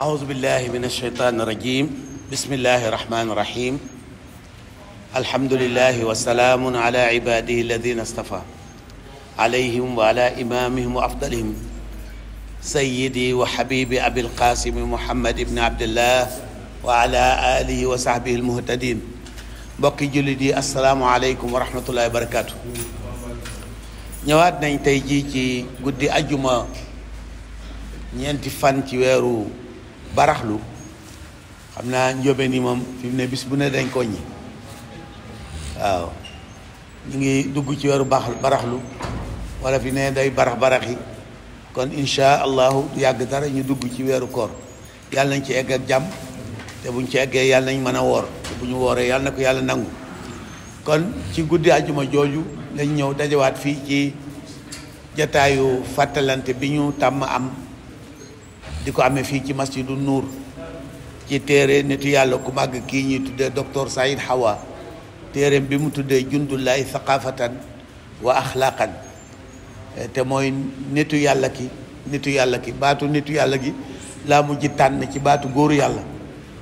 أعوذ بالله من الشيطان الرجيم بسم الله الرحمن الرحيم الحمد لله وسلام على عباده الذين اصطفى عليهم وعلى إمامهم وأفضلهم سيدي وحبيبي أبي القاسم محمد بن عبد الله وعلى آله وصحبه المهتدين بقي جلدي السلام عليكم ورحمة الله وبركاته ñëwaat nañ tey jii ci guddi ajuma ñeenti fan ci weeru baraxlu xam naa njobe ni moom fi ne bis bu ne dañ ko ñi waaw ñu ngi dugg ci weeru baax baraxlu wala fi ne day barax baraxi kon insha allahu yàgg dara ñu dugg ci weeru koor yàlla nañ ci egg ak jàmm te buñ ci eggee yàlla nañ mën a woor te bu ñu wooree yàlla na ko yàlla nangu kon ci guddi àjjuma jooju lañ ñëw dajawaat fii ci jataayu fàttalante bi ñu tàmm am di ko amee fii ci du Nuur ci téere nitu yàlla ku màgg kii ñuy tuddee docteur Saïd Hawa téereem bi mu tuddee jundullahi thaqafatan wa axlaqan eh, te mooy nitu yàlla ki nitu yàlla ki baatu nitu yàlla gi laa mujj tànn ci baatu góor yàlla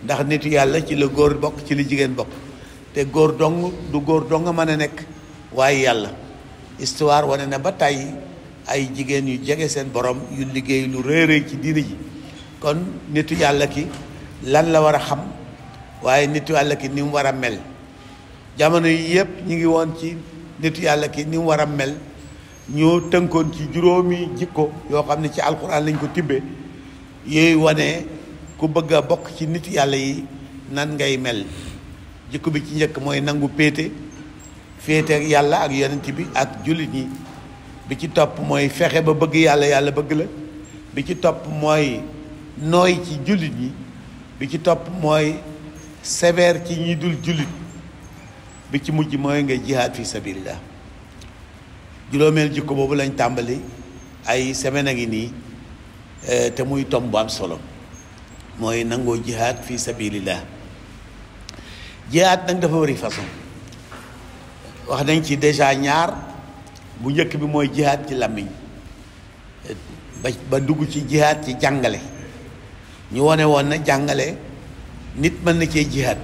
ndax nitu yàlla ci la góor bokk ci la jigéen bokk te góor dong du góor dong mën a nekk waaye yàlla histoire wane na ba tàyyi ay jigéen yu jege seen borom yu liggéey lu réeré ci diini ji kon nitu yàlla ki lan la war a xam waaye nitu yàlla ki ni mu war a mel jamono yi yëpp ñu ngi woon ci nitu yàlla ki ni mu war a mel ñu tënkoon ci juróomi jikko yoo xam ne ci alxuraan lañ ko tibbee yooyu wane ku bëgg a bokk ci nitu yàlla yi nan ngay mel jikko bi ci njëkk mooy nangu péete féete ak yàlla ak yonent bi ak jullit ñi bi ci topp mooy fexe ba bëgg yàlla yàlla bëgg la bi ci topp mooy nooy ci jullit yi bi ci topp mooy sévère ci ñi dul jullit bi ci mujj mooy nga jihaad fi sabilillah juróomeel jikko boobu lañ tàmbali ay semaine a ngi nii eh, te muy tomb am solo mooy nangoo jihaad fi sabilillah jihaad nag dafa wari façon wax nañ ci déjà ñaar bu njëkk bi mooy jihaad ci làmmiñ ba ba dugg ci jihaad ci jàngale ñu wane woon na jàngale nit mën na cee jihaad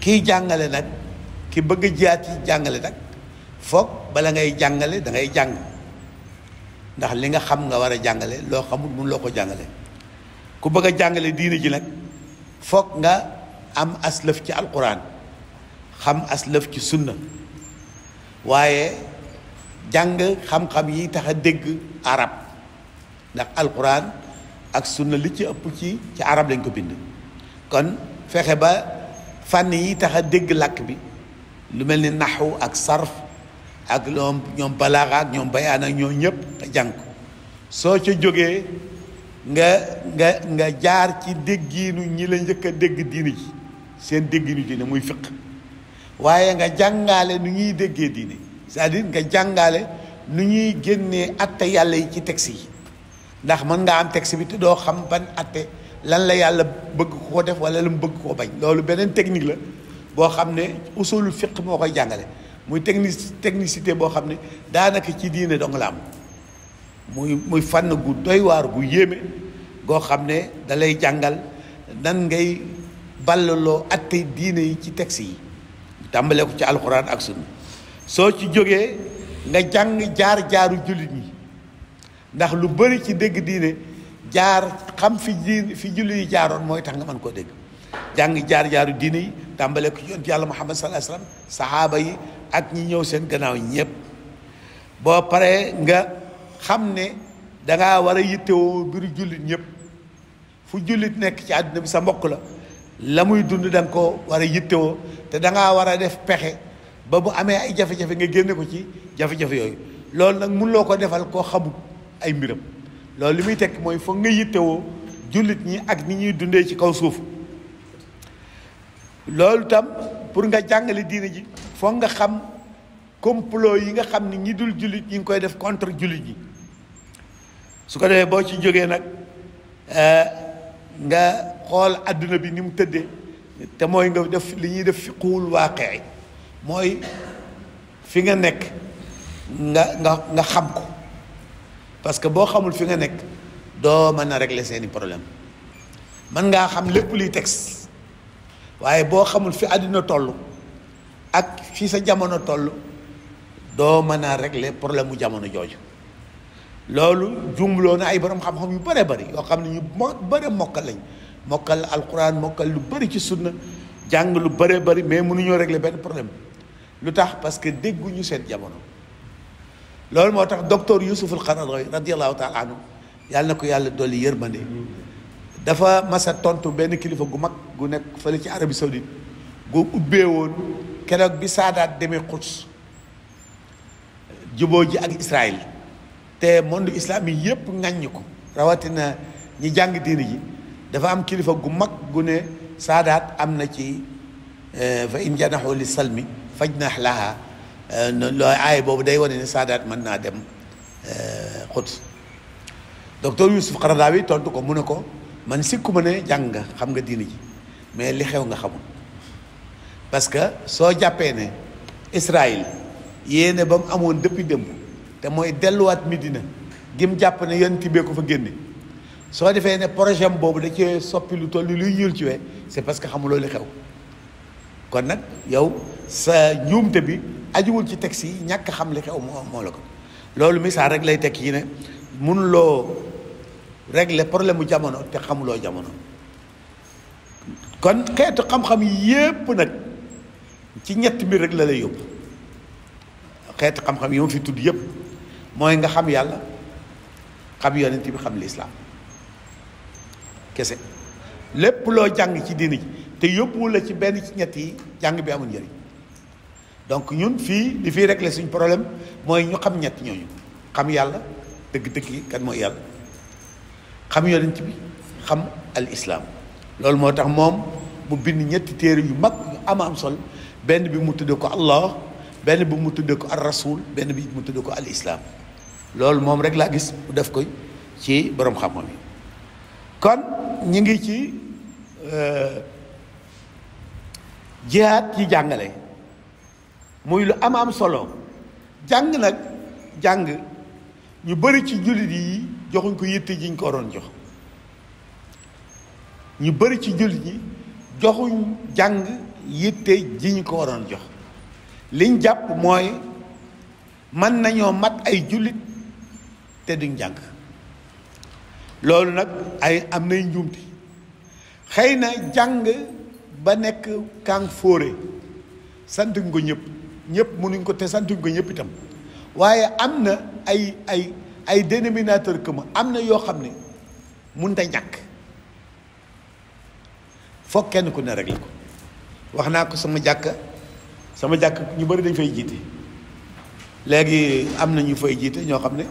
kiy jàngale nag ki bëgg jihaad ci jàngale nag foog bala ngay jàngale dangay jàng ndax li nga xam nga war a jàngale loo xamul mun loo ko jàngale ku bëgg a jàngale diine ji nag foog nga am aslëf ci alxuraan xam as lëf ci sunna waaye jàng xam-xam yi tax a dégg arab ndax alquran ak sunna li ci ëpp ci ci arab lañ ko bind kon fexe ba fànn yi tax a dégg làkk bi lu mel ni naxu ak sarf ak ñoom ñoom ak ñoom bayaan ak ñoo ñëpp nga jàng ko soo ca jógee nga nga nga jaar ci déggiinu ñi la njëkk a dégg diini ji seen déggiinu diine muy fiq waaye nga jàngaale nu ñuy déggee diine cest à nga jàngaale nu ñuy génnee atte yàlla yi ci texte yi ndax mën nga am texte bi te doo xam ban atte lan la yàlla bëgg koo def wala lu mu bëgg koo bañ loolu beneen technique la boo xam ne usulul fiq moo koy jàngale muy technici technicité boo xam ne daanaka ci diine dong la am muy muy fànn gu doy waar gu yéeme goo xam ne dalay jàngal dan ngay ballaloo atte diine yi ci texte yi tàmbalee ko ci alxuraan ak sunna soo ci jógee nga jàng jaar-jaaru jullit yi ndax lu bari ci dégg diine jaar xam fi diine fi jullit yi jaaroon mooy tax nga mën koo dégg jàng jaar-jaaru diine yi tàmbalee ko ci yonent yàlla muhammad saxaaba yi ak ñi ñëw seen gannaaw ñëpp boo paree nga xam ne danga wara a yittewoo mbiru jullit ñëpp fu jullit nekk ci àdduna bi sa mbokk la la muy dund da ko war a yittewoo te da ngaa war a def pexe ba bu amee ay jafe-jafe nga génne ko ci jafe-jafe yooyu loolu nag mun loo ko defal koo xamul ay mbiram loolu li muy tekk mooy foog nga yittewoo jullit ñi ak ni ñuy dundee ci kaw suuf loolu tam pour nga jàngale diine ji foog nga xam complot yi nga xam ni ñi dul jullit ñi ngi koy def contre jullit ñi su ko defee boo ci jógee nag euh, nga xool àdduna bi ni mu tëddee te mooy nga def li ñuy def fiquwul waaqee mooy fi nga nekk nga nga nga xam ko parce que boo xamul fi nga nekk doo mën a régler seeni problème mën ngaa xam lépp luy texte waaye boo xamul fi àdduna toll ak fi sa jamono toll doo mën a régler problème mu jamono jooju loolu jumloo na ay borom xam-xam yu bëree bëri yoo xam ne ñu mo mokkal lañ mokkal alquran mokkal lu bëri ci sunna jàng lu bëree bëri mais munuñoo regle benn problème lu tax parce que dégguñu seet jamono loolu moo tax docteur Youssouf al-Qaradawi radiyallahu taala anhu yàlla na ko yàlla dolli yërmande dafa masa tontu benn kilifa gu mag gu nekk fële ci Arabie Saoudite gu ubbee woon keroog bi saadaat demee Quds juboo ji ak Israël te monde islam yi yëpp ŋàññ ko rawatina ñi jàng diini ji dafa am kilifa gu mag gu ne saadaat am na ci eh, fa in li salmi faj na laha eh, looy aay boobu day wane ne saadaat mën naa dem eh, Quds docteur Youssouf Qaradawi tontu ko mu ne ko man sikku ma ne jàng nga xam nga diini ji mais li xew nga xamul parce que soo jàppee ne Israël yéene ba mu amoon depuis démb te mooy delluwaat Medina gim jàpp na yéen tibbee ko fa génne soo defee ne projet boobu da cee soppi lu toll luy ñuul ci we c'est parce que xamuloo li xew kon nag yow sa njuumte bi ajuwul ci texte yi ñàkk xam li xew moo moo la ko loolu misaal rek lay tekki yi ne mënuloo régler problème mu jamono te xamuloo jamono kon xeetu xam-xam yépp nag ci ñett mbir rek la lay yóbbu xeetu xam-xam yi ma fi tudd yépp mooy nga xam yàlla xam yonent bi xam lislaam kese lépp loo jàng ci diini ji te yóbbuwul la ci benn ci ñett yi jàng bi amul njëriñ donc ñun fii li fii régler suñ problème mooy ñu xam ñett ñooñu xam yàlla dëgg-dëgg yi kan mooy yàlla xam yonent bi xam al islaam loolu moo tax moom mu bind ñetti téere yu mag yu ama am sol benn bi mu tudde ko allah benn bi mu tudde ko ar benn bi mu tudde ko al islaam loolu moom rek laa gis bu def ko ci borom xam-xam kon ñu ngi ci euh, jihaad ci jàngale muy lu am solo jàng nag jàng ñu bari ci jullit yi joxuñ ko yitte jiñ ko waroon jox ñu bari ci jullit yi joxuñ jàng yitte jiñ ko waroon jox liñ jàpp mooy mën nañoo mat ay jullit te duñ jàng loolu nag ay am nay njuumte xëy na jàng ba nekk kàng fóore santuñ ko ñëpp ñëpp nuñ ko te santuñ ko ñëpp itam waaye am na ay ay ay dénominateur commun am na yoo xam ne mënut a ñàkk foog kenn ku ne rek la ko wax naa ko sama jàkk sama jàkk ñu bari dañ fay jiite léegi am na ñu fay jiite ñoo xam ne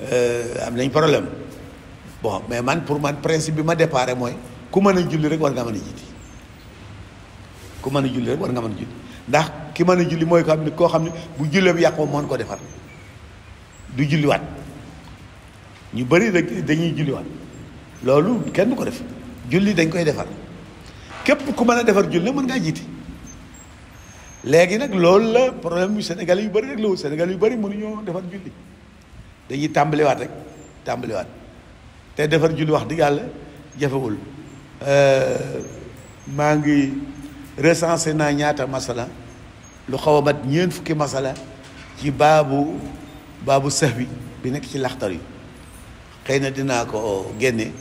Euh, am nañ problème bon mais man pour man principe bi ma déparé mooy ku mën a julli rek war nga mën a jiiti ku mën a julli rek war nga mën a julli ndax ki mën a julli mooy ko xam ne koo xam ne bu jullee bu yàqoo moon ko defar du julliwaat ñu bari rek dañuy julliwaat loolu kenn du ko def julli dañ koy defar képp ku mën a defar julli mën ngaa jiiti léegi nag loolu la problème yu Sénégal yu bëri rek la wu Sénégal yu bëri mënuñoo defar julli dañuy tàmbaliwaat rek tàmbaliwaat te defar julli wax dëgg yàlla jafewul euh, maa ngi recensé naa ñaata masala lu xaw a mat ñeent fukki masala ci baabu baabu sax bi bi nekk ci laxtar yi xëy na dinaa ko génne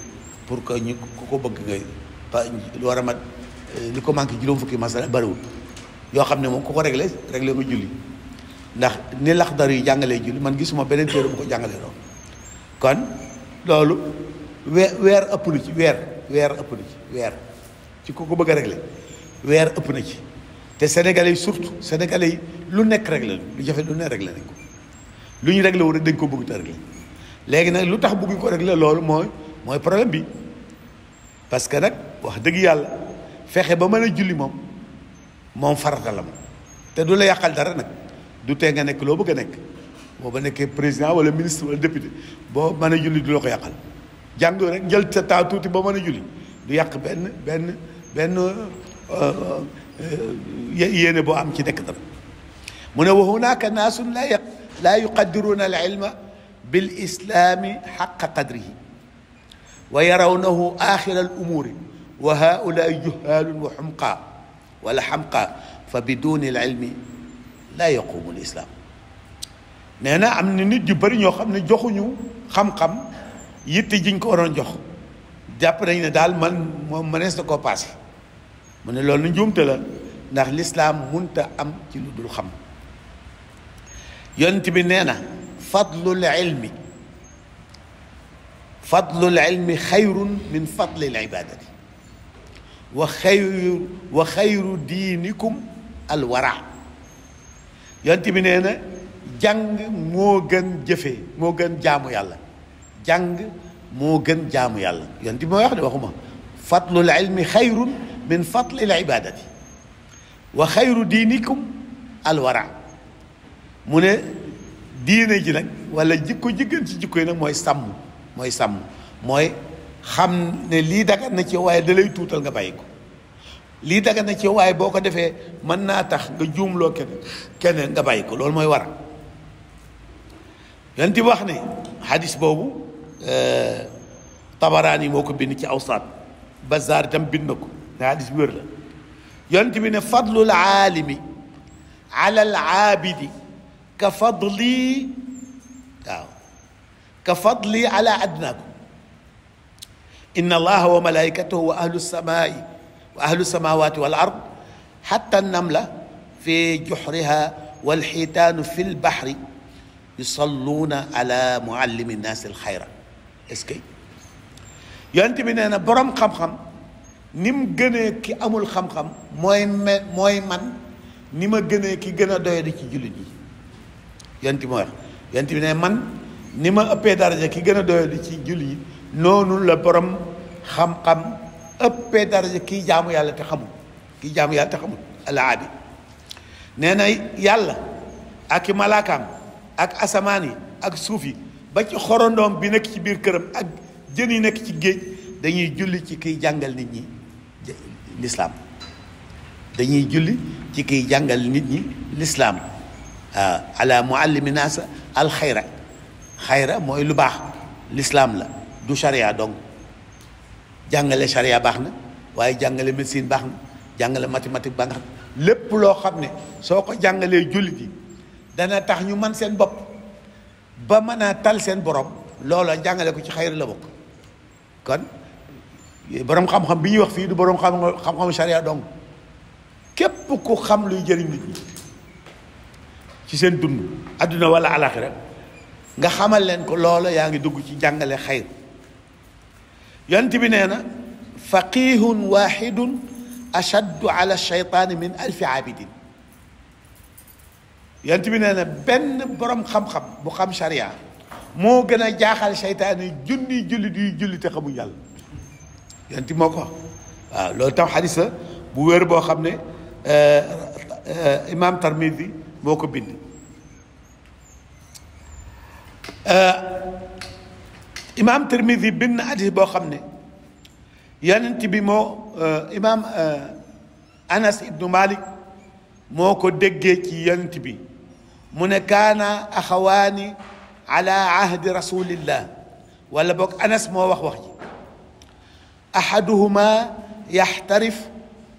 pour que ñu ku ko bëgg ngay pa lu war a mat euh, li ko manqué juróom fukki masala bariwul yoo xam ne moom ku ko réglé réglé nga julli ndax ni laxdar yu jàngalee julli man gisuma beneen téere bu ko jàngale noonu kon loolu weer weer ëpp na ci weer weer ëpp na ci weer ci ku ko bëgg a la weer ëpp na ci te sénégalais yi surtout sénégale yi lu nekk réglé na lu jafe lu ne réglé nañ ko lu ñu réglé wu rek dañ ko bëgg te réglé léegi nag lu tax bëgguñ ko réglé loolu mooy mooy problème bi parce que nag wax dëgg yàlla fexe ba mën a julli moom moom farata te du la yàqal dara nag du tee nga nekk loo bëgg a nekk boo ba nekkee président wala ministre wala député boo mën a julli du la ko yàqal jàng rek jël sa taa tuuti ba mën a julli du yàq benn benn benn euh, euh, yéene boo am ci nekk dara mu ne wa hunaaka naasun laa yaq laa yuqaddiruuna al ilma bil islaami xaqa qadrihi wa yarawnahu axira al umuuri wa haulaa juhaalun wa xumqaa wala xamqaa fa biduni al ilmi laa yaqumul islaam nee na am na nit yu bari ñoo xam ne joxuñu xam-xam yitte jiñ ko waroon jox jàpp nañ ne daal man moom mënees na koo paase mu ne loolu njuumte la ndax lislaam munta am ci lu dul xam yonent bi nee na fadlul ilmi fadlul ilmi xayrun min fadlil yonent bi nee na jàng moo gën jëfe moo gën jaamu yàlla jàng moo gën jaamu yàlla yonent bi mooy wax de waxuma fatlul ilmi xayrun min fatlil ibadati wa xayru diinikum alwara mu ne diine ji nag wala jikko ji ci jikko yi nag mooy sàmm mooy sàmm mooy xam ne lii dagat na ci waaye da tuutal nga bàyyi ko lii daga na ci waaye boo ko defee mën naa tax nga juumloo keneen keneen nga bàyyi ko loolu mooy wara yonent bi wax ne xadis boobu eh, tabaraan yi moo bind ci awsaat bazaar itam bind na ko ne xadis bi wér la yonent bi ne fadlul ka fadli waaw ka fadli wa malaikatahu wa ahlu samaai wa ahlu samawati wal ard xatta namla fi juxriha walxiitaanu fi lbaxri yusalluuna ala muallimi nnaasi alxayra est-ce que yonent bi nee na boroom xam-xam ni mu gënee ki amul xam-xam mooy me mooy man ni ma gënee ki gën a doyadi ci jullit yi yonent bi mooy wax yonent bi ne man ni ma ëppee daraja ki gën a doyadi ci jullit yi noonu la boroom xam-xam ëppee daraja kii jaamu yàlla te xamul kii jaamu yàlla te xamul alaabi nee na yàlla ak i malaakaam ak asamaan yi ak suuf yi ba ci xorondoom bi nekk ci biir këram ak jën yi nekk ci géej dañuy julli ci kiy jàngal nit ñi lislaam dañuy julli ci kiy jàngal nit ñi lislaam ah, ala muallimi naasa alxayra xayra mooy lu baax lislaam la du charia donc jàngale charia baax na waaye jàngale médecine baax na jàngale mathématique baax na lépp loo xam ne soo ko jàngalee jullit yi dana tax ñu man seen bopp ba mën a tal seen boroom loola jàngale ko ci xayri la bokk kon boroom xam-xam bi ñuy wax fii du boroom xam-xam charia donc képp ku xam luy jëriñ nit ñi ci seen dund adduna wala alaxira nga xamal leen ko loola yaa ngi dugg ci jàngale xayr yonent bi nee na faqihun waxidun ashaddu ala shaytaani min alfi abidin yonent bi nee na benn borom xam-xam bu xam sharia moo gën a jaaxal shaytaan yi junniy jullit yuy julli te xamuñ yàlla yonent moo ko waaw loolu tam xadis la bu wér boo xam ne eh, imaam Tirmidi moo ko bind eh, imaam Tirmidi bind na hadis boo xam ne yonent bi moo euh, imaam euh, Anas ibnu Malik moo ko déggee ci yonent bi mu ne kaana axawaani ala ahdi rasulillah wala boog Anas moo wax wax ji ahaduhuma yaxtarif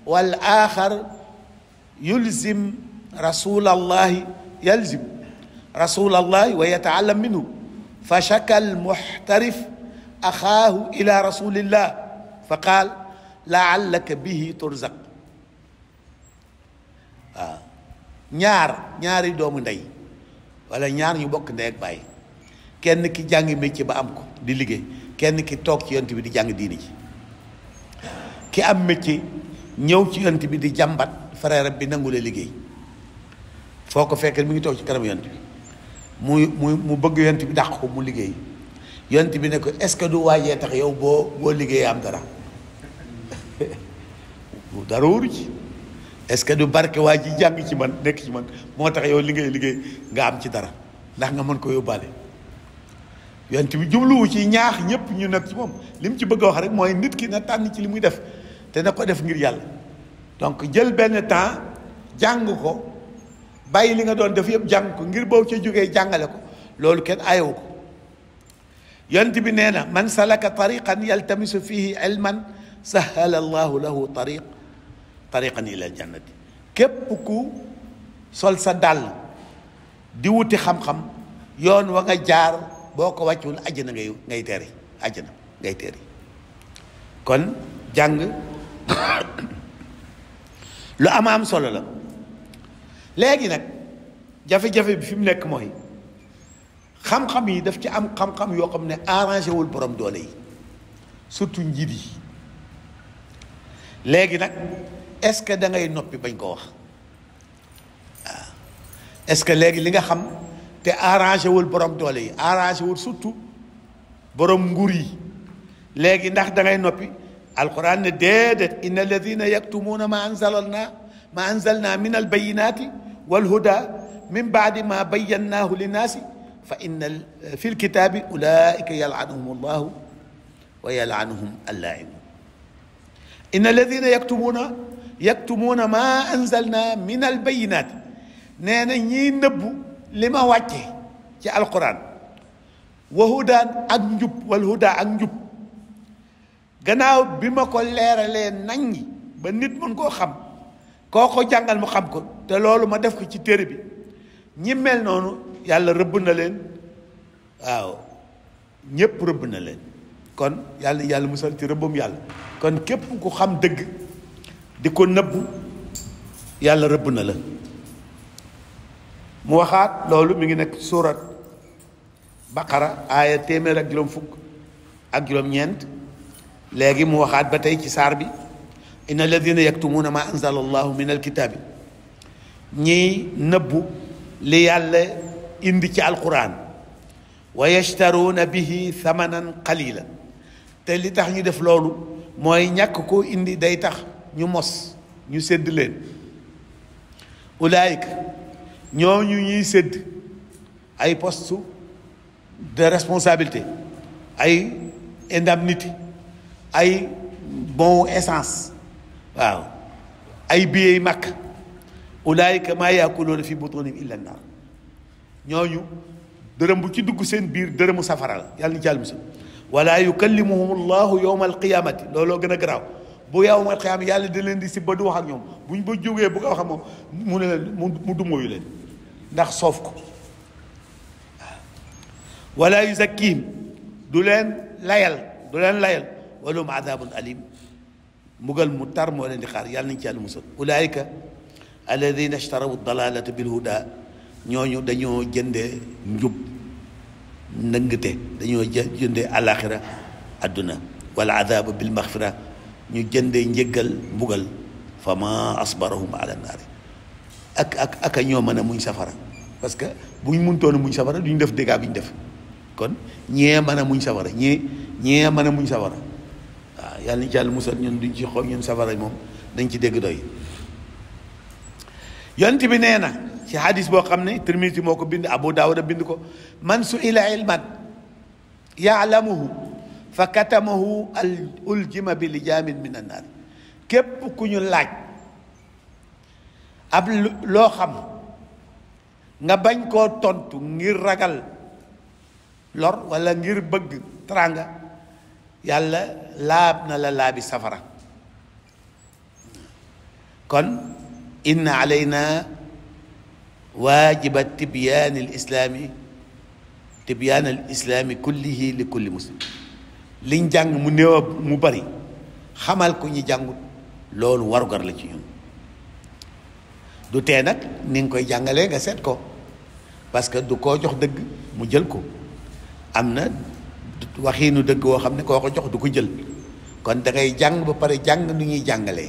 wal axar yulzim rasulallahi yalzim rasulallahi wa yataallam minhu fa shaka almuxtarif axaahu ila rasulillah fa qaal laallaka bihi turzaq waaw ñaar ñaari doomu ndey wala ñaar ñu bokk ndey ak bàyyi kenn ki jàng métier ba am ko di liggéey kenn ki toog ci yont bi di jàng diini ji ki am métier ñëw ci yont bi di jàmbat frère bi nangu la liggéey foo ko fekk mi ngi toog ci kanam yont bi muy mu mu bëgg yont bi dàq ko mu liggéey yont bi ne ko ce que du waajee tax yow boo boo liggéey am dara dara wóoru ci est-ce que du barke waa ji jàng ci man nekk ci man moo tax yow liggéey liggéey nga am ci dara ndax nga mën ko yóbbaale yont bi jubluwu ci ñaax ñëpp ñu nekk ci moom li mu ci bëgg a wax rek mooy nit ki na tànn ci li muy def te na ko def ngir yàlla donc jël benn temps jàng ko bàyyi li nga doon def yëpp jàng ko ngir boo ca jógee jàngale ko loolu kenn ayewu ko yont bi nee na man salaka tariqan yaltamisu fihi ilman sahala allahu lahu tariq tariqan ila jannati képp ku sol sa dàll di wuti xam-xam yoon wa nga jaar boo ko wàccul àjjana ngay ngay teeri àjjana ngay teeri kon jàng lu ama am solo la léegi nag jafe-jafe bi fi mu nekk mooy xam-xam yi daf ci am xam-xam yoo xam ne arrangé wul borom doole yi surtout njiit yi léegi nag est-ce que da ngay noppi bañ ko wax waaw est-ce que léegi li nga xam te arrangé wul borom doole yi arrangé wul surtout borom nguur yi léegi ndax da ngay noppi alquran ne déedéet inna alladina yaktumuuna ma anzalalna ma anzalna min albayinati walhuda min baadi ma bayyannaahu linnaasi fa inna eh, fi lkitaabi ulaika yalanuhum allahu wa yalanuhum allaainun inna alladina yaktumuuna yaktumuuna ma anzalna min albayinat nee na ñiy nëbbu li ma wàcce ci alquran wa hudaan ak njub wal huda ak njub gannaaw bi ma ko leeralee nañ ñi ba nit mën koo xam koo ko jàngal mu xam ko te loolu ma def ko ci téere bi ñi noonu yàlla rëbb na leen waaw ñépp rëbb na leen kon yàlla yàlla musal ci rëbbam yàlla kon képp ku xam dëgg di ko nëbbu yàlla rëbb na la mu waxaat loolu mu ngi nekk surat baqara aaya téeméer ak juróom fukk ak juróom-ñeent léegi mu waxaat ba tey ci saar bi inna alladina yaktumuuna ma anzala allahu min alkitaabi ñiy nëbbu li yàlla indi ci alquran wa yashtaruuna bihi thamanan qalila te li tax ñu def loolu mooy ñàkk ko indi day tax ñu mos ñu sedd leen ulaayika ñooñu ñuy sedd ay poste de responsabilité ay indemnité ay bon essence waaw ay billets yu ulaayika maa yaakuluna fi butunihim illa naar ñooñu dërëm bu ci dugg seen biir dërëmu safara la yàlla ni ci àll musal wala yukallimuhum allahu yowma alqiyamati looloo gën a garaaw bu yowma alqiyama yàlla di leen di si ba du wax ak ñoom buñ ba jógee bu ko wax ak moom mu ne leen mu dumóoyu leen ndax soof ko wala yuzakkihim du leen layal du leen layal walahum adabun alim mbugal mu tar moo leen di xaar yàlla nañ ci yàlla musal ulaayika alladina ishtaraw dalalata bil huda ñooñu dañoo jëndee njub ndëngte dañoo jëndee alaxira adduna wala adaba bil maxfira ñu jëndee njëggal mbugal fa ma asbarahum ala naari ak ak ak ñoo mën a muñ safara parce que buñ muntoon a muñ safara duñ def dégâts bu ñu def kon ñee mën a muñ safara ñee ñee mën a muñ safara waaw yàlla nañ ci yàlla musal ñun duñ ci xool ñun safara moom dañ ci dégg doy yoon bi nee na ci hadis boo xam ne Tirmisi moo ko bind Abu Daawuda bind ko man suila ilman yaalamuhu fa katamahu al uljima bi lijaamin min annaar képp ku laaj ab loo xam nga bañ koo tontu ngir ragal lor walla ngir bëgg tranga yàlla laab na la laabi safara kon inna alayna waajiba tibyaani al islaami tibyaan al islaami kullihi li kulli muslim liñ jàng mu néew mu bari xamal ku ñu jàngut loolu warugar la ci ñun du tee nag ni nga koy jàngale nga seet ko parce que du koo jox dëgg mu jël ko am na waxiinu dëgg woo xam ne koo ko jox du ko jël kon dangay jàng ba pare jàng nu ñuy jàngale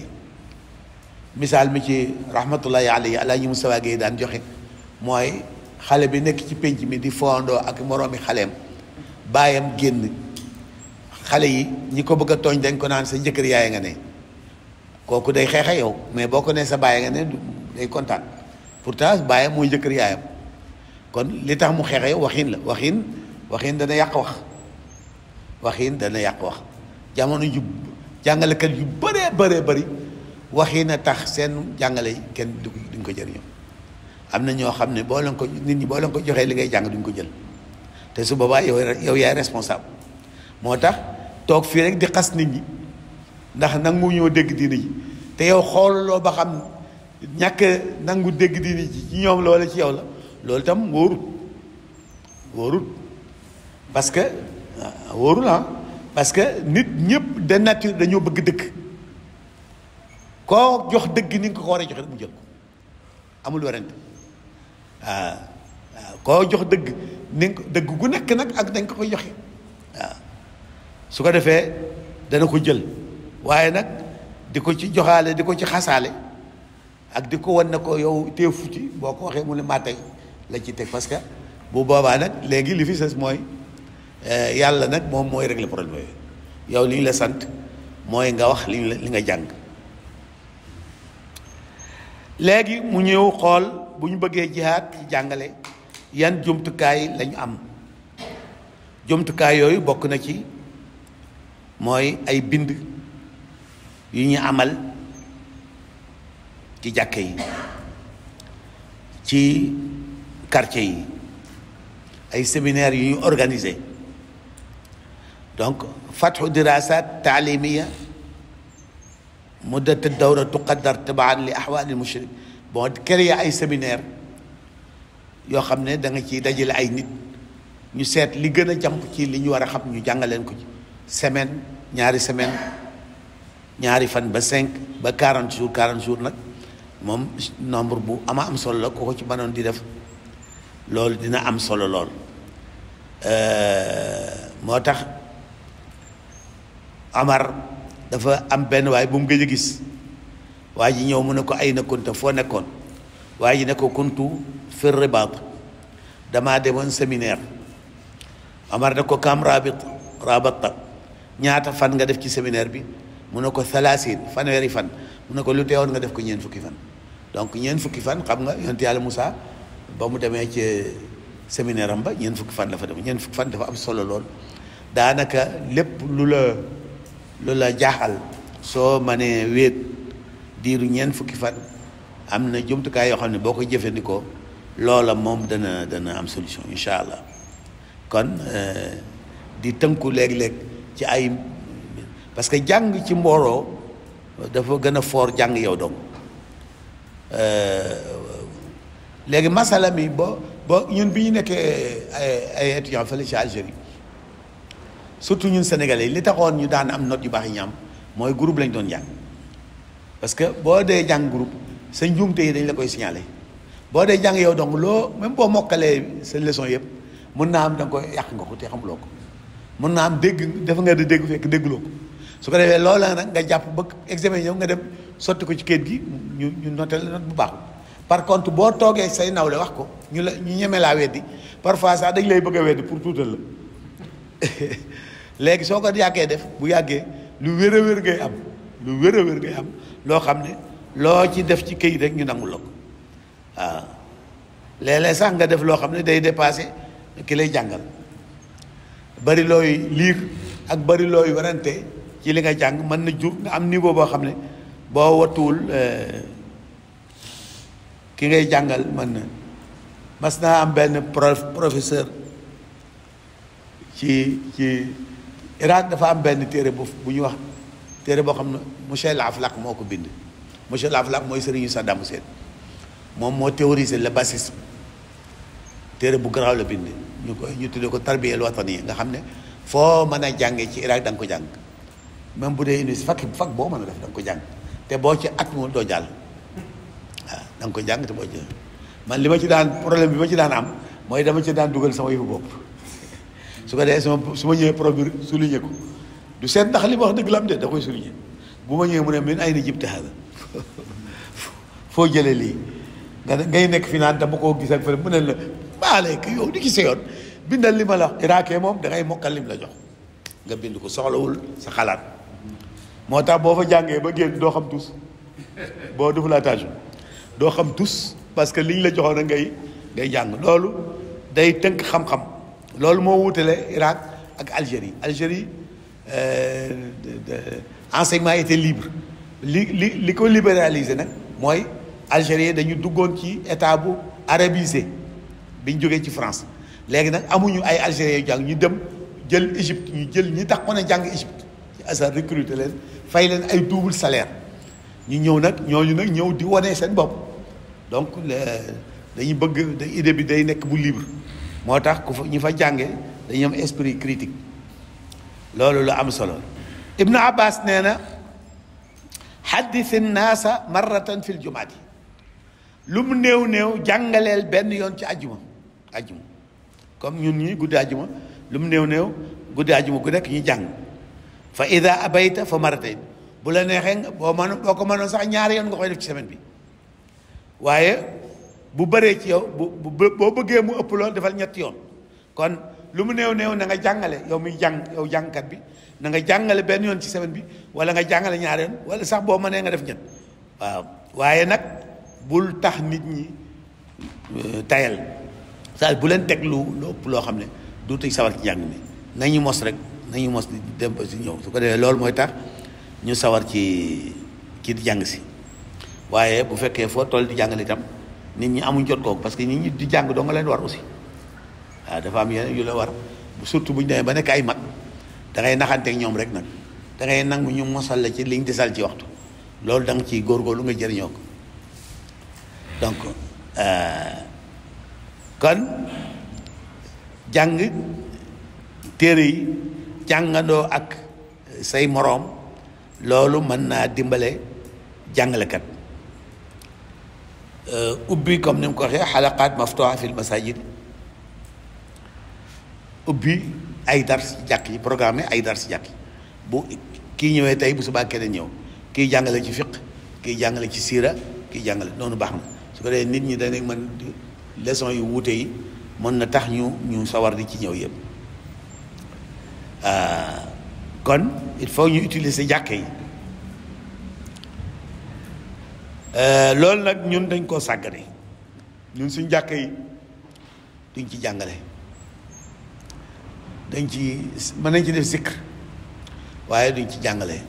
misaal mi ci rahmatullahi alayhi alaaji Musaa Gey daan joxe mooy xale bi nekk ci pénc mi di fondoo ak moroomi xaleem baayam génn xale yi ñi ko bëgg a tooñ dañ ko naan sa jëkkër yaay nga ne kooku day xeexa yow mais boo ko nee sa baay nga ne day kontaan pourtant baayam mooy jëkkër yaayam kon li tax mu xeexa yow waxin la waxin waxin dana yàq wax waxin dana yàq wax jamono ju jàngalekat yu bëree bëree waxi na tax seen jàngale kenn du duñ ko jël jëriñoo am na ñoo xam ne boo leen ko nit ñi boo leen ko joxee li ngay jàng duñ ko jël te su boobaa yow yow yaay responsable moo tax toog fii rek di xas nit ñi ndax nangu ñoo dégg diini ji te yow xooluloo ba xam ñàkk nangu dégg diini ji ci ñoom loola ci yow la loolu tam wóorut wóorut parce que ah, wóorul ah parce que nit ñëpp de nature dañoo bëgg dëkk koo jox dëgg ni ko ko war a joxe mu jël ko amul werante waaw ah, ah, koo jox dëgg ni dëgg gu nekk nag ak dañ ko joxe waaw ah, su ko defee dana ko jël waaye nag di ko ci joxaale di ko ci xasaale ak di ko wan ne ko yow tee ci boo ko waxee mu ne maa la ci teg parce que bu boobaa nag léegi li fi ses mooy eh, yàlla nag moom mooy régler problème yooyu yow li ñu la sant mooy nga wax li ñu la li nga jàng léegi mu ñëw xool bu ñu bëggee jihaad jàngale yan jumtukaay lañu am jumtukaay yooyu bokk na ci mooy ay bind yu ñu amal ci jàkke yi ci quartier yi ay séminaire yu ñu organisé donc fathu dirasat taalimiya muddat ad-dawra tuqaddar tabaan li ahwaali al-mushrik boo yi ay séminaire yoo xam ne da nga ciy dajale ay nit ñu seet li gën a jàmp ci li ñu war a xam ñu jàngaleen ko ci semaine ñaari semaine ñaari fan ba cinq ba quarante jours quarante jours nag moom nombre bu ama am solo la ku ci mënoon di def loolu dina am solo lool euh, moo tax Amar. dafa am benn waay bu mu gëj gis waa ji ñëw mu ne ko ay na kunta foo nekkoon waa ji ne ko kuntu fir ribaat damaa demoon séminaire Omar ne ko kam rabit rabatta ñaata fan nga def ci séminaire bi mu ne ko thalaasin fanweeri fan mu ne ko lu teewoon nga def ko ñeent fukki fan donc ñeent fukki fan xam nga yonent yàlla Moussa ba mu demee ci séminaire am ba ñeent fukki fan la fa dem ñeent fukki fan dafa am solo lool daanaka lépp lu la loolu la jaaxal soo mënee wéet diiru ñeent fukki fan am na jumtukaay yoo xam ne boo ko jëfandikoo loola moom dana dana am solution incha allah kon euh, di tënku léeg-léeg ci ay parce que jàng ci mbooloo dafa gën a foor jàng yow dong euh, léegi masala mi ba ba ñun bi ñu nekkee ay ay étudiants fële Algérie surtout ñun sénégalais li taxoon ñu daan am not yu baax yi ñu am mooy groupe lañ doon jàng parce que boo dee jàng groupe sa njuumte yi dañu la koy signaler boo dee jàng yow donc loo même boo mokkalee sa leçon yëpp mën naa am da nga yàq nga ko te ko mën naa dégg dafa nga di dégg fekk dégguloo ko su ko defee loola nag nga jàpp ba examen yow nga dem sotti ko ci kayit gi ñu ñu noté la bu baaxul par contre boo toogee say nawle wax ko ñu la ñu ñeme laa weddi parfois sax dañ lay bëgg a weddi pour tuutal la. léegi soo ko yàggee def bu yàggee lu wér a wér ngay am lu wér a wér ngay am loo xam ne loo ci def ci këyit rek ñu nangul la ko waaw léeg sax nga def loo xam ne day dépassé ki lay jàngal bari looy liir ak bari looy warante ci li nga jàng mën na jur nga am niveau boo xam ne boo wattuwul eh, ki ngay jàngal mën na mas naa am benn professeur ci ci Irak dafa am benn téere bu bu ñu wax téere boo xam ne monsieur Laflaq moo ko bind la Laflaq mooy sëriñu Saddam Hussein moom moo théorisé la bassisme téere bu garaaw la bind ñu koy ñu tuddee ko tarbiyel watani nii nga xam ne foo mën a jàngee ci Irak da nga ko jàng même bu dee université fakk fakk boo mën a def da nga ko jàng te boo ci at mu doo jàll waaw da ko jàng te boo ci man li ma ci daan problème bi ma ci daan am mooy dama ci daan dugal sama yëfu bopp su ko dee su ma ñëwee prof bi ko du seet ndax li ma wax dëgg la am de da koy souligné bu ma ñëwee mu ne min ay na jibta hada foo jëlee lii nga ngay nekk fi naan dama koo gis ak fële mu ne la baale yow di gisee yoon bindal li ma la wax moom da ngay mokkal lim la jox nga bind ko soxlawul sa xalaat moo tax boo fa jàngee ba génn doo xam tus boo deful attention doo xam tus parce que liñ la joxoon a ngay ngay jàng loolu day tënk xam-xam loolu moo wutale Irak ak Algérie Algérie euh, enseignement était libre li li li ko libéraliser nag mooy algérien dañu duggoon ci état bu arabisé biñ jógee ci France léegi nag amuñu ay algériens yu jàng ñu dem jël Égypte ñu jël ñi tax mën a jàng Égypte ci asar recruter leen fay leen ay double salaire ñu ñëw nag ñooñu nag ñëw di wone seen bopp donc dañu bëgg idée bi day nekk bu libre moo tax ku fa ñi fa jànge dañu am esprit critique loolu lu am solo ibnu abbas nee na xaddis nnaasa marratan fi ljumaati lu mu néew néew jàngaleel benn yoon ci ajjuma ajjuma comme ñun ñi guddi ajjuma lu mu néew néew guddi ajjuma gu nekk ñu jàng fa ida abayta fa marratayn bu la neexee boo mën boo ko mënoon sax ñaari yoon nga koy def ci semaine bi waaye bu baree ci yow bu boo bëggee mu ëpp lool defal ñetti yoon kon lu mu neew néew na nga jàngale yow muy jàng yow jàngkat bi na nga jàngale benn yoon ci semaine bi wala nga jàngale ñaari yoon wala sax boo mënee nga def ñett waaw waaye nag bul tax nit ñi euh, tayal saa bu leen teg lu lu ëpp loo xam ne duutuñ sawar ci jàng mi nañu mos rek nañu mos di dem si ñëw su ko defee loolu mooy tax ñu sawar ci ci jàng si waaye bu fekkee foo toll di jàngale itam nit ñi amuñ jot kooku parce que nit ñi di jàng doo nga leen war aussi waaw dafa am yeneen yu la war surtout bu ñu demee ba nekk ay mag da ngay naxanteeg ñoom rek nag da nangu ñu mosal la ci liñ sal ci waxtu loolu da nga ciy góorgóorlu nga jëriñoo ko donc euh, kon jàng téere yi jàngandoo ak say moroom loolu mën naa dimbale jàngalekat. Euh, ubbi comme ni mu ko waxee xalaqaat maftuha fil masajid ubbi ay dars si jàkk yi programme ay dar si jàkk yi bu kii ñëwee tey bu subaa keneen ñëw kii jàngale ci fiq kii jàngale ci siira kii jàngale noonu baax na su ko dee nit ñi dañuy mën leçon yu wuute yi mën na tax ñu ñu sawar di ci ñëw yëpp euh, kon il faut ñu utiliser jàkk yi Euh, loolu nag ñun dañ koo sàggane ñun suñ jàkk yi duñ ci jàngale dañ ci mën nañ ci def sikr waaye duñ ci jàngale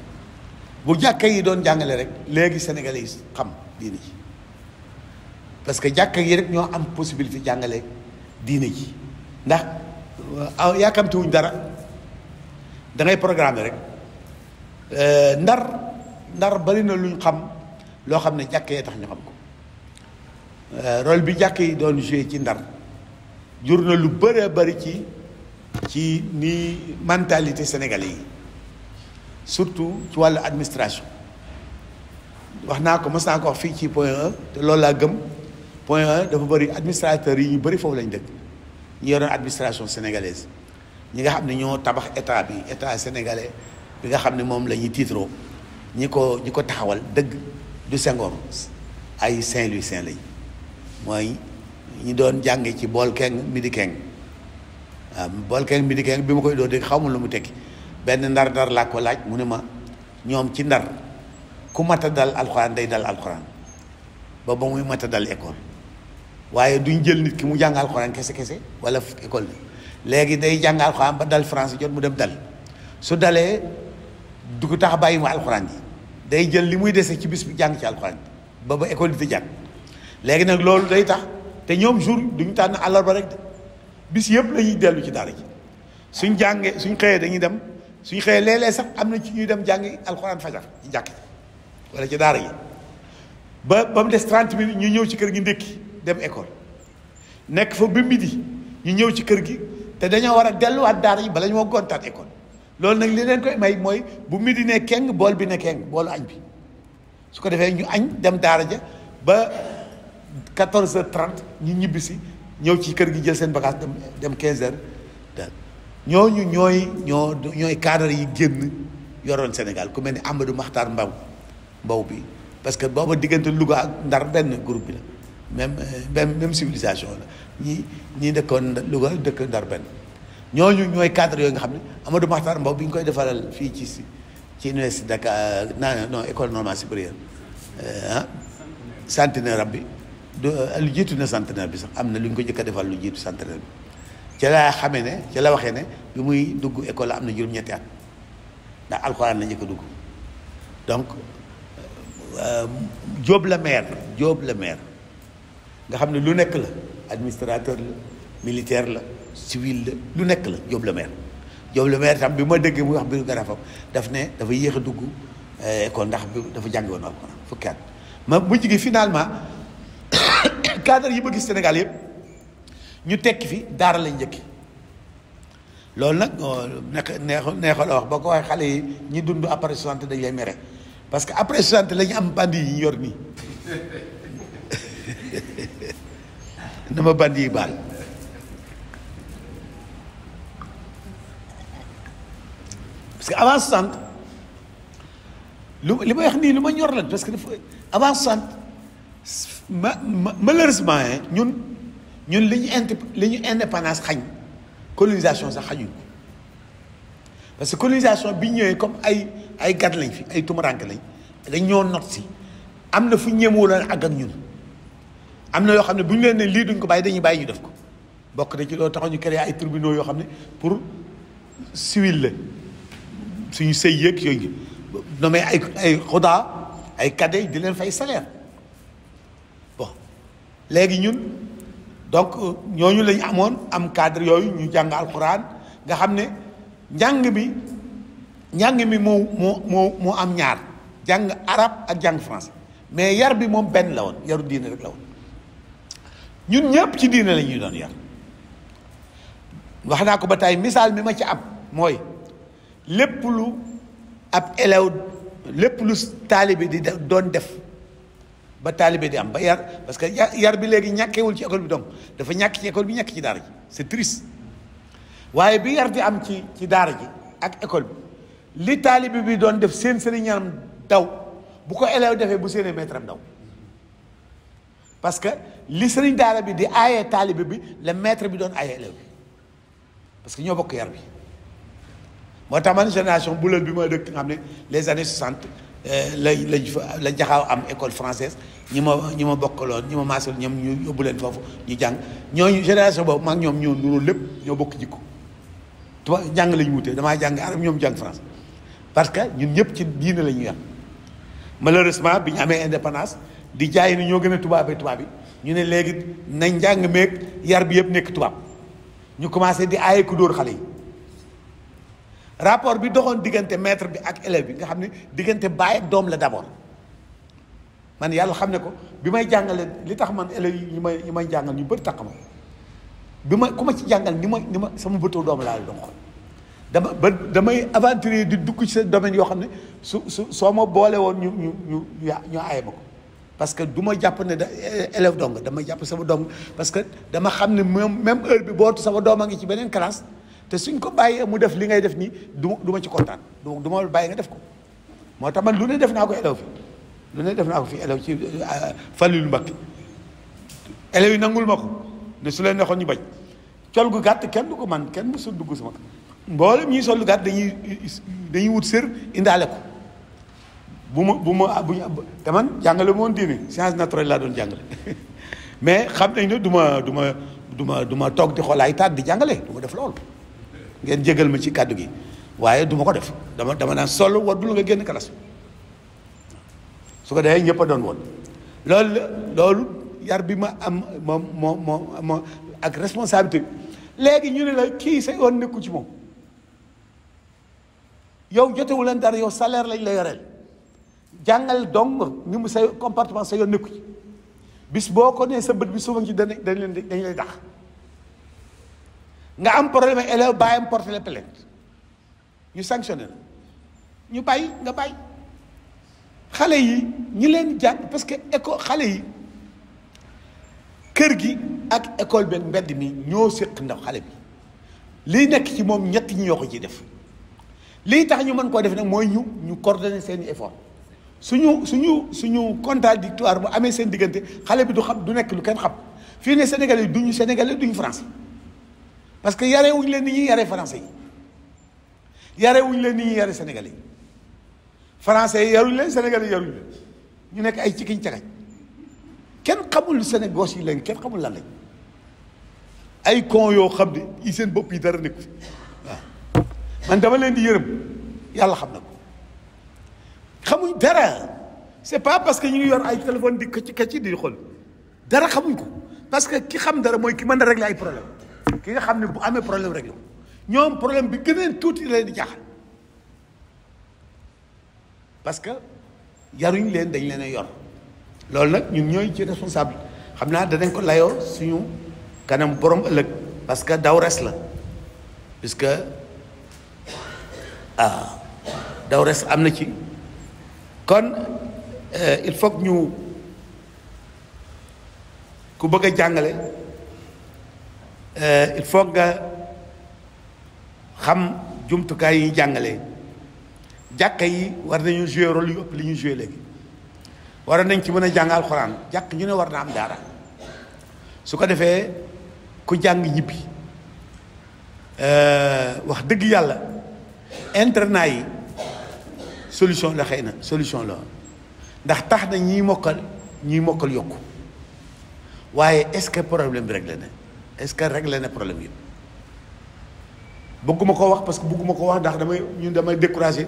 bu jàkka yi doon jàngale rek léegi sénégalais yi xam diine ji parce que jàkka yi rek ñoo am possibilité jàngale diine ji ndax euh, yaakamtiwuñ dara dangay ngay programmer rek euh, ndar ndar bari na luñ xam loo xam ne jàkk yee tax ñu xam ko euh, rôle bi jàkk yi doon joué ci ndar jur na lu bëree bari ci ci ni mentalité sénégalais yi surtout ci wàll administration wax naa ko mës naa ko wax fii ci point e, te loolu laa gëm point 1 e dafa bëri administrateurs yi ñu bëri foofu lañ dëkk ñu yoroon administration sénégalaise ñi nga xam ne ñoo tabax état bi état sénégalais bi nga xam ne moom la ñuy tiitroo ñi ko ñi ko taxawal dëgg du Senghor ay Saint-Louisien lañ mooy ñu doon jànge ci bool keng midi keng waaw bi ma koy doo xaw ma lu mu tekki benn ndar ndar laa ko laaj mu ne ma ñoom ci ndar ku mat a dal alxuraan day dal alxuraan ba ba muy mat a dal école waaye duñ jël nit ki mu jàng alxuraan kese kese wala école bi léegi day jàng alxuraan ba dal français jot mu dem dal su dalee du ko tax bàyyi ma alxuraan ji day jël li muy dese ci bis bi jàng ci alxuraan ba ba école di jàng léegi nag loolu day tax te ñoom jour duñu tànn àllarba rek de bis yëpp lañuy dellu ci daara ji suñ jàngee suñ xëyee dañuy dem suñ xëyee léeg-léeg sax am na ci ñuy dem jàngi alxuraan fajar ci jàkk wala ci daara yi ba ba mu des 30 minutes ñu ñëw ci kër gi ndékki dem école nekk fa ba yi ñu ñëw ci kër gi te dañoo war a delluwaat daara yi bala ñoo gontaat école loolu nag li leen koy may mooy bu mi di ne keng bool bi ne keng boolu añ bi su ko defee ñu añ dem daara ja ba 14 heures 30 ñu ñibbi ñëw ci kër gi jël seen bagage dem dem 15 heures daal ñooñu ñooy ñoo ñooy yi génn yoroon Sénégal ku mel ni Amadou Makhtar Mbaw Mbaw bi parce que booba diggante Louga ak Ndar benn groupe bi la même euh, même même civilisation la ñi ñi dëkkoon Louga dëkk Ndar benn ñooñu ñooy cadre yooyu nga xam ne Amadou Mahtar Mbow bi ñu koy defaral fii ci ci université Dakar euh, naa non école normale supérieure euh, ah centenaire bi du euh, lu jiitu na centenaire bi sax am na lu ñu ko jëkk a defal lu jiitu centenaire bi ci laa xamee ne ci la waxee ne bi muy dugg école la am na juróom-ñetti at ndax alxuraan la njëkk dugg donc Diop la maire Diop la maire nga xam ne lu nekk la administrateur la militaire la civil la lu nekk la Diop le maire tam bi ma déggee mu wax mbiru garabam daf ne dafa yéex a dugg eh, école ndax bi dafa jàngi woon alxuraan fukki at ma bu finalement cadre yi ma gis Sénégal yëpp ñu tekki fi daara lañ njëkki loolu nag oh, nekk neexul neexul la wax boo ko waxee xale yi ñi dund après soixante dañ lay mere parce que après soixante la am bandi yi ñu yor nii na ma bandi yi baal que avant 60 lu li may wax nii lu ma ñor lan parce que dafa avant 60 ma malheureusement ñun ñun li ñu indi li ñu indépendance xañ colonisation sax xañuñ ko parce que colonisation bi ñëwee comme ay ay gat lañ fi ay tumurank lañ dañ ñoo not si am na fu ñemuloon ak ak ñun am na yoo xam ne bu ñu leen ne lii duñ ko bàyyi dañuy bàyyi ñu def ko bokk na ci loolu taxaw ñu créé ay tribunaux yoo xam ne pour siwil la suñu sey yëg yooyu nommé ay ay xuda ay cadets di leen fay salaire bon léegi ñun donc ñooñu lañu amoon am cadre yooyu ñu jàng alxuraan nga xam ne njàng bi njàng mi mu mu mu moo am ñaar jàng arab ak jàng français mais yar bi moom benn la woon yaru diine rek la woon ñun ñëpp ci diine la ñuy doon yar wax naa ko ba tey misaal mi ma ci am mooy lépp lu ab élève lépp lu taalibe di def doon def ba taalibe di am ba yar parce que yar bi léegi ñàkkewul ci école bi donc dafa ñàkk ci école bi ñàkk ci daara ji c'est triste waaye bi yar di am ci ci daara ji ak école bi li taalibe bi doon def seen sëriñam daw bu ko élève defee bu seenee maître am daw parce que li sëriñ daara bi di aayee taalibe bi la maître bi doon aayee élève bi parce que ñoo bokk yar bi moo tax man génération buloon bi ma dëkk nga les années 60 euh, la la la jaxaaw am école française ñi ma ñi ma bokkaloon ñi ma maasaloon ñoom ñu yóbbu leen foofu ñu jàng ñooñu génération boobu maa ñoom ñoo nuroo lépp ñoo bokk jikko tuba jàng la ñu wutee damaa jàng arab ñoom jàng parce que ñun ñëpp ci diine la ñu yam malheureusement bi ñu amee indépendance di jaay ni ñoo gën a tubaabee tubaab yi ñu ne léegi nañ njàng meeg yar bi yëpp nekk tubaab ñu commencé di aaye ku dóor xale yi rapport bi doxoon diggante maître bi ak élève bi nga xam ne diggante baay ak doom la d'abord man yàlla xam ne ko bi may jàngale li tax man élèves yi ñu may ñu may jàngal ñu bëri taq ma bi ma ku ma ci jàngal ni ma ni ma sama bëtu doom laa doon dama ba damay aventurer di dugg ci sa domaine yoo xam ne su su soo ma boole woon ñu ñu ñu ñu aaye ma ko que du ma jàpp ne da élève dong dama jàpp sama doom parce que dama xam ne même même heure bi bootu sama doom a ngi ci beneen classe te suñ ko bàyyee mu def li ngay def nii du duma ma ci kontaan du ma bàyyi nga def ko moo tax man lu ne def naa ko élève fi lu ne def fi élève ci euh, Fallou Mbacké élèves yi nangul ma ko ne su leen neexoon ñu bañ col gàtt kenn du ko man kenn mësul dugg sama mboolem ñuy sol lu dañuy dañuy wut sër indaale ko bu ma bu ma bu ñu te man jàngale moon diine science naturelle laa doon jàngale mais xam nañ ne du ma du ma du ma du ma toog di xool ay taat di jàngale du ma def lool ngeen jégal ma ci kàddu gi waaye du ma ko def dama dama naan sol waddul nga génn kalas su ko defee ñëpp a doon woon loolu loolu yar bi ma am moom moo moo moo ak responsabilité léegi ñu ne la kii sa yoon nekku ci moom yow jotewu leen dara yow salaire lañ la yoreel jàngal dong ni mu sa comportement sa yoon nekku ci bis boo ko nee sa bët bi souvent ci dañ dañ leen dañ lay dax nga am problème ak élève bàyyam porté la plainte ñu sanctionné la ñu bàyyi nga bàyyi xale yi ñi leen jàng parce que école xale yi kër gi ak école bi mbedd mi ñoo séq ndaw xale bi liy nekk ci moom ñett ñi ñoo ko ciy def lii tax ñu mën koo def nag mooy ñu ñu coordonner seeni effort suñu suñu suñu contradictoire mu amee seen diggante xale bi du xam du nekk lu kenn xam fii ne Sénégalais yi duñu du ñu france parce que yare wuñ leen ni ñuy yare français yi wuñ leen ni ñuy yare sénégalais yi français yi yaruñ leen sénégalais yaruñ leen ñu nekk ay cikiñ cagañ kenn xamul Sénégal yi lañ kenn xamul lan ay con yoo xam ne yi seen bopp yi dara nekku waaw man dama leen di yërëm yàlla xam na ko xamuñ dara c'est pas parce que ñu ngi yor ay téléphone di këcc këcc di xool dara xamuñ ko parce que ki xam dara mooy ki mën a régler ay problème ki nga xam ne bu amee problème rek ñoom problème bi gën a tuuti leen di jaaxal parce que yaruñ leen dañ leen a yor loolu nag ñun ñooy ci responsable xam naa danañ ko layoo suñu kanam borom ëllëg parce que daw res la puisque ah daw res am na ci kon euh, il faut ñu ku bëgg a jàngale Euh, il faut nga xam jumtukaay yi jàngale jàkka yi war nañu joué rôle yu ëpp li ñu joué léegi war nañ ci mën a jàng alxuraan jàkk ñu ne war na am daara su ko defee ku jàng ñibbi euh, wax dëgg yàlla internat yi solution la xëy na solution la ndax tax na ñiy mokkal ñiy mokkal yokk waaye est-ce que problème bi réglé na est-ce que réglé na problème yi bëgguma ko wax parce que bëgguma ko wax ndax damay ñun damay découragé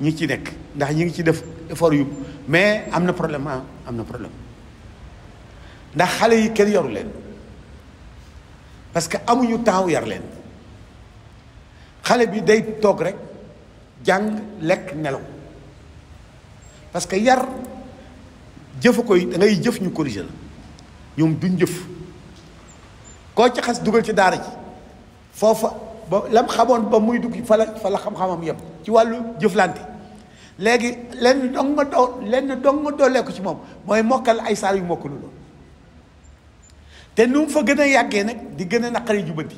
ñi ci nekk ndax ñi ngi ci def effort yu mais am na problème ah am na problème ndax xale yi kenn yoru leen parce que amuñu temps yar leen xale bi day toog rek jàng lekk nelaw parce que yar jëfa koy dangay ngay jëf ñu corriger la ñoom duñ jëf koo ci xas dugal ci daara ji foofa ba lam xamoon ba muy dugg fa la fa la xam-xamam yëpp ci wàllu jëflante léegi lenn dong nga doo lenn dong ma doolee ko ci moom mooy mokkal ay saar yu mokkalu loolu te nu fa gën a yàggee nag di gën a naqari jubanti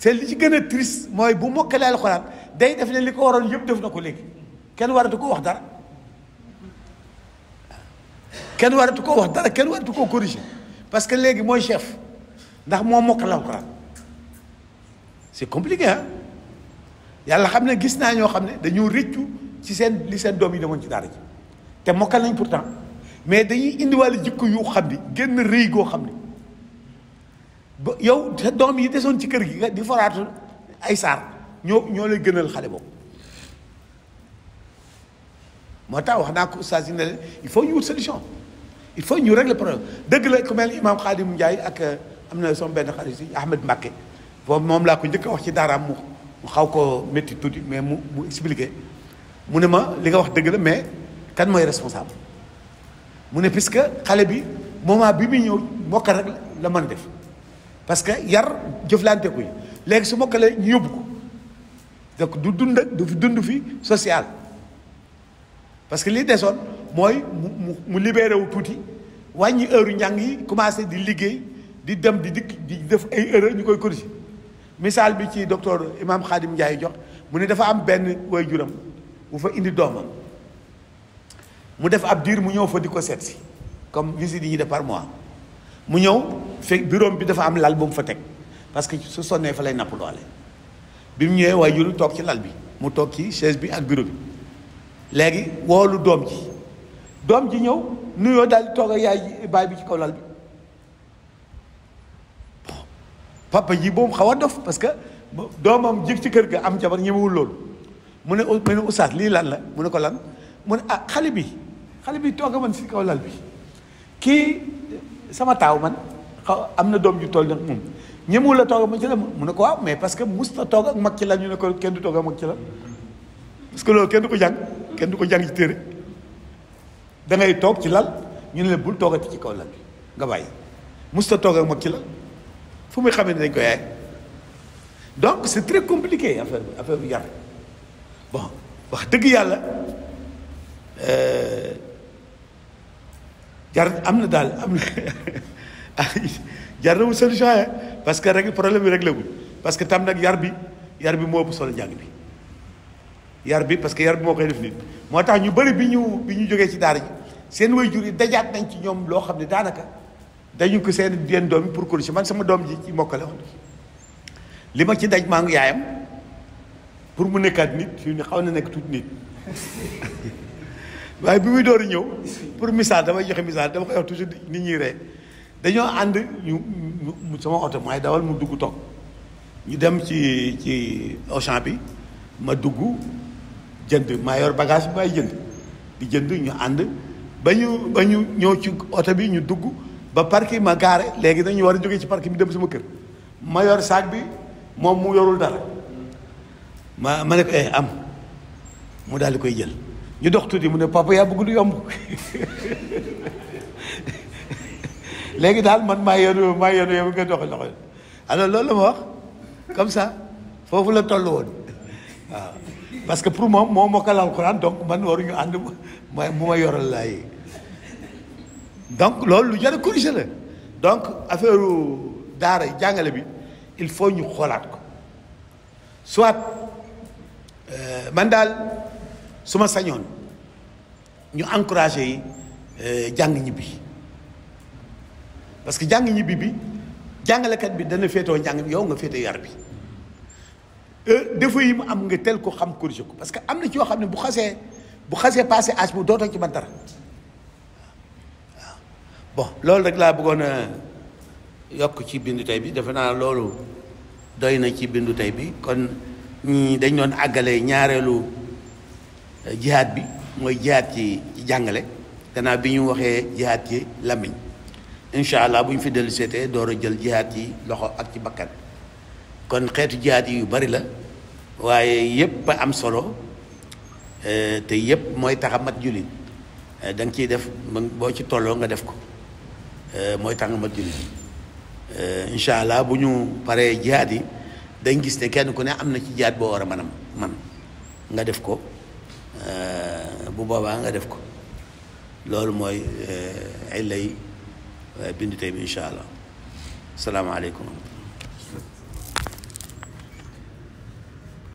te li ci gën a triste mooy bu mokkalee alxuraan day def ne li ko waroon yëpp def na ko léegi kenn waratu ko wax dara kenn waratu koo wax dara kenn waratu ko corriger parce que léegi mooy chef ndax moo mokkal alxuraan c'est compliqué ah yàlla xam ne gis naa ñoo xam ne dañoo rëccu ci seen li seen doom yi demoon ci daara ji te mokka nañ pourtant mais dañuy indiwaale jikko yu xam ni génn rëy goo xam ni ba yow sa doom yi desoon ci kër gi nga di foraatu ay saar ñoo ñoo lay gënal xale boobu moo tax wax naa ko ustaas ne leen il faut ñu wut solution il faut ñu régler problème dëgg la ku mel imam Khadim Ndiaye ak euh, am na benn xarit si Ahmed Mbacké boobu moom laa ko njëkk wax ci daaraam mu mu xaw ko métti tuuti mais mu mu expliqué mu ne ma li nga wax dëgg la mais kan mooy responsable mu ne xale bi moment bi muy ñëw mokkal la mën def parce que yar jëflante yi léegi su mokkalee ñu yóbbu ko donc du dund du dund fi social parce que li desoon mooy mu mu mu libéré wu tuuti wàññi heure yu njàng yi commencé di liggéey. di dem di dikk di def ay erreur ñu koy corriger misaal bi ci docteur Imam Khadim Ndiaye jox mu ne dafa am benn waajuram bu fa indi doomam mu def ab diir mu ñëw fa di ko seet si comme visite yi ñuy def par mois mu ñëw fekk bureau bi dafa am lal bu mu fa teg parce que su sonnee fa lay napp doole bi mu ñëwee waay waajur toog ci lal bi mu toog ci chaise bi ak bureau bi léegi woolu doom ji doom ji ñëw nuyoo daal di toog ak yaay baay bi ci kaw lal bi papa ji boobu xaw a dof parce que doomam jig ci kër gi am jabar ñemewul loolu mu ne mu ne oustaz lii lan la mu ne ko lan mu ne ah xale bi xale bi toog man si kaw lal bi kii sama taaw man xaw am na doom ju toll nag moom ñemewul la toog a man ci la mu ne ko waaw mais parce que mus na toog ak mag ci la ñu ne ko kenn du toog ak mag ci la parce que loolu kenn du ko jàng kenn du ko jàng ci téere da toog ci lal ñu ne la bul toogati ci kaw lal bi nga bàyyi musta na toog ak mag ci la fu muy xamee ne dañ ko yaay donc c'est très compliqué affaire bi affaire bi yar bon wax dëgg yàlla euh, jar am na daal am na jar na wut solution ya parce que rek problème bi réglé wul parce que tam nag yar bi yar bi moo ëpp solo njàng bi yar bi parce que yar bi moo koy def nit moo tax ñu bëri bi ñu bi ñu jógee ci daara ji seen way jur yi dajaat nañ ci ñoom loo xam ne daanaka dañu ko seen yenn doom yi pour corriger man sama doom ji ci mokkale woon li ma ci daj maa ngi yaayam pour mu nekkaat nit ñu ni xaw na nekk tuuti nit waaye bi muy door ñëw pour misaal damay joxe misaal dama koy wax toujours nit ñi ree dañoo ànd ñu sama oto maay dawal mu dugg toog ñu dem ci ci Auchan bi ma dugg jënd mayor yor bagage bi maay jënd di jënd ñu ànd ba ñu ba ñu ñëw ci oto bi ñu dugg ba parking ma gaare léegi dañu war a jógee ci parking bi dem sama kër ma yor saag bi moom mu yorul dara ma ma ne eh, am mu daal di koy jël ñu dox tuuti mu ne papa yaa bëgg du yomb léegi daal man maa yenu maa yenu yow nga doxal doxal alors loolu ma wax comme ça foofu la toll woon waaw parce que pour moom moo mokkal alxuraan donc man waruñu ànd mu ma yoral laay donc loolu lu jar a la donc affaire daara jàngale bi il faut ñu xoolaat ko soit euh, man daal suma sañoon ñu encouragé yi euh, jàng ñibbi parce que jàng ñibbi bi jàngalekat bi dana féetoo njàng yow nga féete yar bi euh, défaut yi mu am nga tel ko xam corriger ko parce que am na ci yoo xam ne bu xasee bu xasee passé âge bu dootoo ci man dara bo loolu rek laa bëggoon a yokk ci bindu tey bi defe naa loolu doy na ci bindu tey bi kon ñi dañ doon àggale ñaareelu eh, jihaat bi mooy jihaat ci jàngale gannaaw bi ñu waxee jihaat ci làmmiñ incha allah bu ñu fi dellu seetee door a jël jihaat yi loxo ak ci bakkan kon xeetu jihaat yi yu bari la waaye yépp am solo eh, te yépp mooy tax jullit eh, da nga ciy def boo ci tolloo nga def ko Euh, mooy tàngamat julli ji euh, incha allah bu ñu paree jihaat yi dañ gis ne kenn ku ne am na ci jihaat boo war a mën man nga def ko euh, bu boobaa nga def ko loolu mooy ay lay bindu tey bi incha allah salaamaaleykum